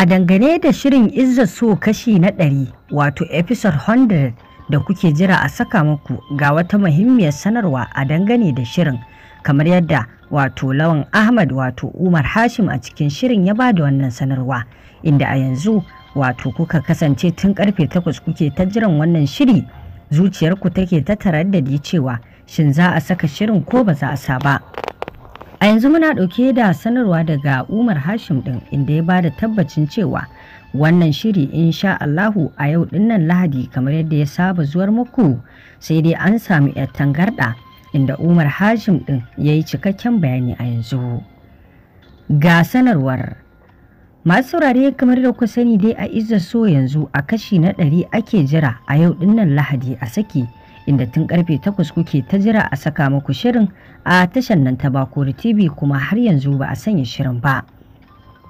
A dangane da shirin Izza So kashi na ɗari wato episode 100 da kuke jira a saka muku ga wata muhimmiyar sanarwa a dangane da shirin kamar yadda wato lawan Ahmad wato Umar Hashim a cikin shirin ya bada wannan sanarwa inda a yanzu wato kuka kasance tun karfe takwas kuke ta jiran wannan shiri zuciyarku take ta tarar da cewa shin za a saka shirin ko ba za a sa ba. A yanzu muna ɗauke da sanarwa daga Umar Hashim ɗin inda ya bada tabbacin cewa wannan shiri insha Allahu a yau dinnan Lahadi kamar yadda ya saba zuwar muku sai dai an sami 'yar tangarɗa inda Umar Hashim ɗin ya yi cikakken bayani a yanzu. Ga sanarwar. Masu saurare kamar da ku sani dai a izza so yanzu a kashi na ɗari ake jira a yau dinnan Lahadi a saki. inda tun karfe takwas kuke ta jira a saka muku shirin a tashar nan ta Bakori TV kuma har yanzu ba a sanya shirin ba.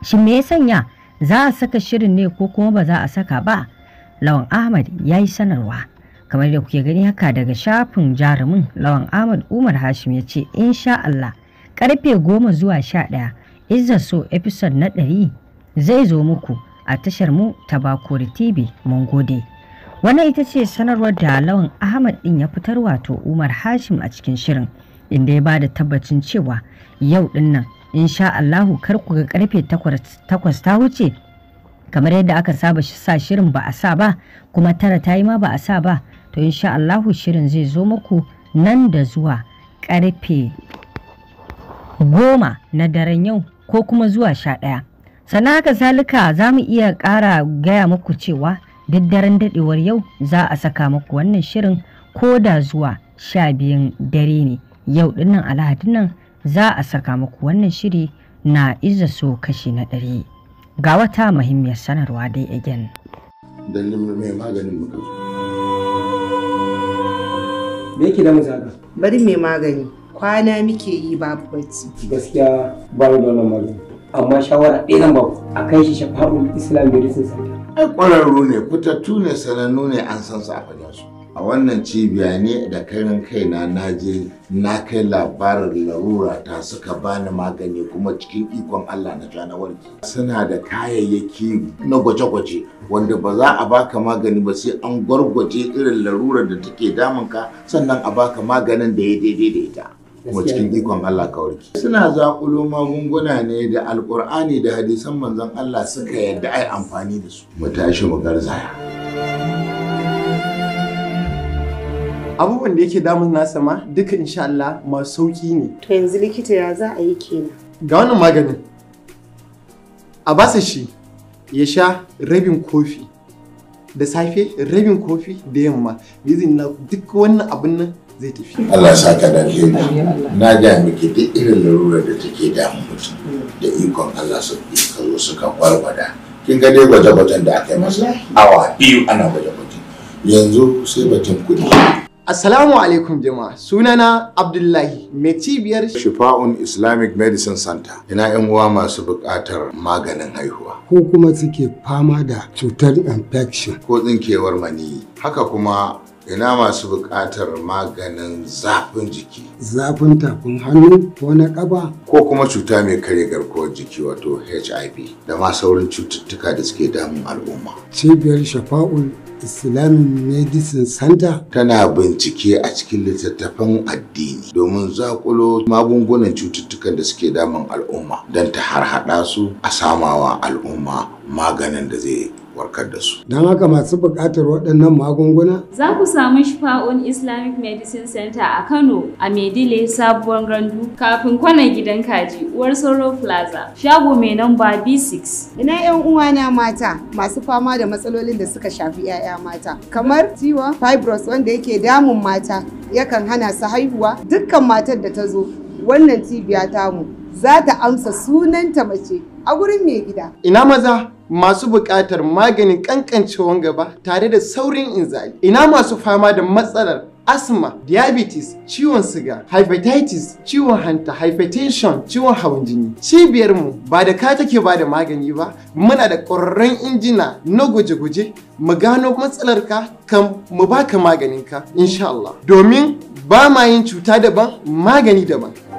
shi me ya sanya za a saka shirin ne ko kuma ba za a saka ba? Lawan Ahmad ya yi sanarwa. Kamar da kuke gani haka daga shafin jarumin Lawan Ahmad Umar Hashim ya ce insha Allah karfe goma zuwa sha ɗaya Izza so episode na ɗari zai zo muku a tashar mu ta Bakori TV mun gode. Wannan ita ce sanarwar da Lawan Ahmad din ya fitar wato Umar Hashim a cikin shirin inda ya bada tabbacin cewa yau dinnan nan insha Allahu kar ku ga karfe takwas ta wuce kamar yadda aka saba sa shirin ba a sa ba kuma tara ta yi ma ba a sa ba to insha Allahu shirin zai zo muku nan da zuwa karfe goma na daren yau ko kuma zuwa sha ɗaya sannan haka zalika za mu iya ƙara gaya muku cewa duk daren dadewar yau za a saka muku wannan shirin ko da zuwa sha biyun dare ne yau dinnan alhadin nan za a saka muku wannan shiri na iza so kashi na ɗari ga wata muhimmiyar sanarwa dai again mai maganin me yake da bari mai magani kwana muke yi babu bacci gaskiya ba da wannan magani amma shawara ɗaya nan ba a kai shi shafa'un islam medicine center ai ƙwararru ne fitattu ne sanannu ne an san su a fagen su a wannan cibiya ne da karin kaina na je na kai labarin larura ta suka bani magani kuma cikin ikon Allah na jana na suna da kayayyaki na gwaje-gwaje wanda ba za a baka magani ba sai an gwargwaje irin larurar da take damunka sannan a baka maganin da ya daidai da ita kuma cikin ikon Allah ka warke suna zakulo magunguna ne da alkur'ani da hadisan manzon Allah suka yadda ai amfani da su mu tashi mu garzaya abubuwan da yake damun nasa ma duka insha Allah masu sauki ne to yanzu likita ya za a yi kenan ga wannan maganin a basa shi ya sha rabin kofi da safe rabin kofi da yamma bizin duk wannan abin nan Allah sa ka da alheri na ga miki duk irin larurar da take damun mutum da ikon Allah su ka zo suka kwarbada kin ga dai gwaje-gwajen da aka yi masa awa biyu ana gwaje-gwaje yanzu sai batun kuɗi Assalamu alaikum jama'a sunana Abdullahi mai cibiyar Shifa'un Islamic Medicine Center ina yan uwa masu buƙatar maganin haihuwa ko kuma suke fama da cutar infection ko tsinkewar maniyi haka kuma ina masu buƙatar maganin zafin jiki zafin tafin hannu ko na ƙaba ko kuma cuta mai karya garkuwar jiki wato hiv da ma sauran cututtuka da suke damun al'umma cibiyar shafa'ul Islam medicine center tana bincike a cikin littattafan addini domin zaƙulo magungunan cututtukan da suke damun al'umma don ta harhaɗa su a samawa al'umma maganin da zai warkar da su. Don haka masu buƙatar waɗannan magunguna? Za ku samu Shifa'un Islamic Medicine Center a Kano a Medile Sabuwar Gandu kafin kwana gidan kaji Uwar Soro Plaza shago mai namba B6. Ina 'yan uwana mata masu fama da matsalolin da suka shafi 'ya'ya mata kamar ciwon fibros wanda yake damun mata yakan hana su haihuwa dukkan matar da ta zo wannan cibiya tamu za ta amsa sunanta mace a gurin mai gida. Ina maza masu buƙatar maganin ƙanƙancewan gaba tare da saurin inzali. Ina masu fama da matsalar asma, diabetes, ciwon siga, hepatitis, ciwon hanta, hypertension, ciwon hawan jini. Cibiyarmu ba da ka take ba da magani ba, muna da ƙwararren injina na guje-guje, mu gano matsalarka kan mu baka maganinka, insha Allah. Domin ba ma yin cuta daban, magani daban.